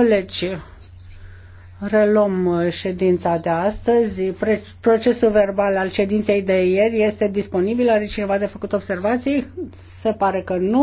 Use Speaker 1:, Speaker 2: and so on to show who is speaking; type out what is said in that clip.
Speaker 1: Colegi, reluăm ședința de astăzi. Procesul verbal al ședinței de ieri este disponibil. Are cineva de făcut observații?
Speaker 2: Se pare că nu.